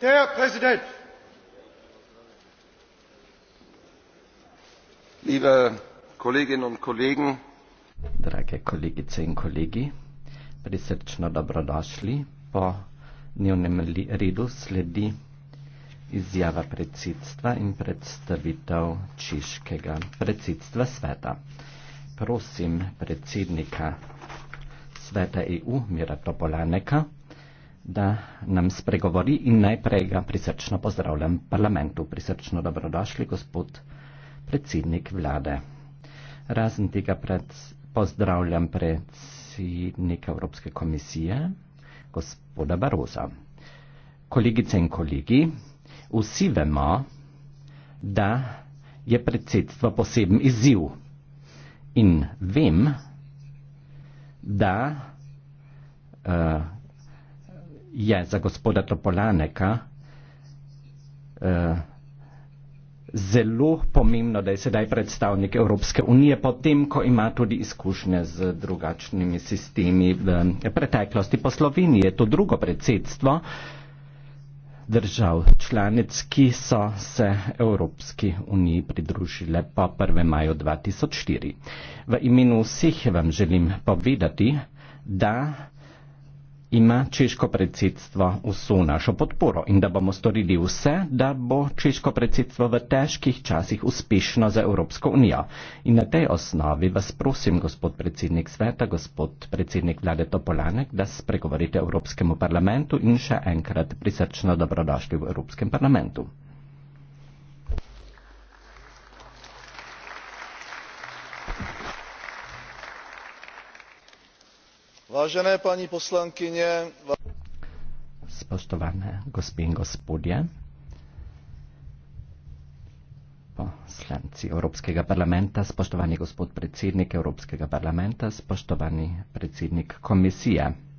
der präsident! liebe kolleginnen und kollegen drage kolegice in kolegi prisrčno dobrodošli po dnevnem redu sledi izjava predsedstva in predstavitev češkega predsedstva sveta prosim predsednika sveta eu mira topolaneka da nam spregovori in najprej ga prisrčno pozdravljam v parlamentu. Prisrčno dobrodošli, gospod predsednik vlade. Razen tega pred, pozdravljam predsednika Evropske komisije, gospoda Baroza. Kolegice in kolegi, vsi vemo, da je predsedstvo poseben izziv in vem, da uh, je za gospoda Topolaneka eh, zelo pomembno, da je sedaj predstavnik Evropske unije, potem ko ima tudi izkušnje z drugačnimi sistemi v eh, preteklosti. Po Sloveniji je to drugo predsedstvo držav članic, ki so se Evropski uniji pridružile po 1. maju 2004. V imenu vseh vam želim povedati, da ima češko predsedstvo vso našo podporo in da bomo storili vse, da bo češko predsedstvo v težkih časih uspešno za Evropsko unijo. In na tej osnovi vas prosim, gospod predsednik sveta, gospod predsednik vlade Topolanek, da spregovorite Evropskemu parlamentu in še enkrat prisrčno dobrodošli v Evropskem parlamentu. Vážené paní poslankyně, spoštovane gospe in gospodje, poslanci Evropskega parlamenta, spoštovani gospod predsednik Evropskega parlamenta, spoštovani predsednik komisije.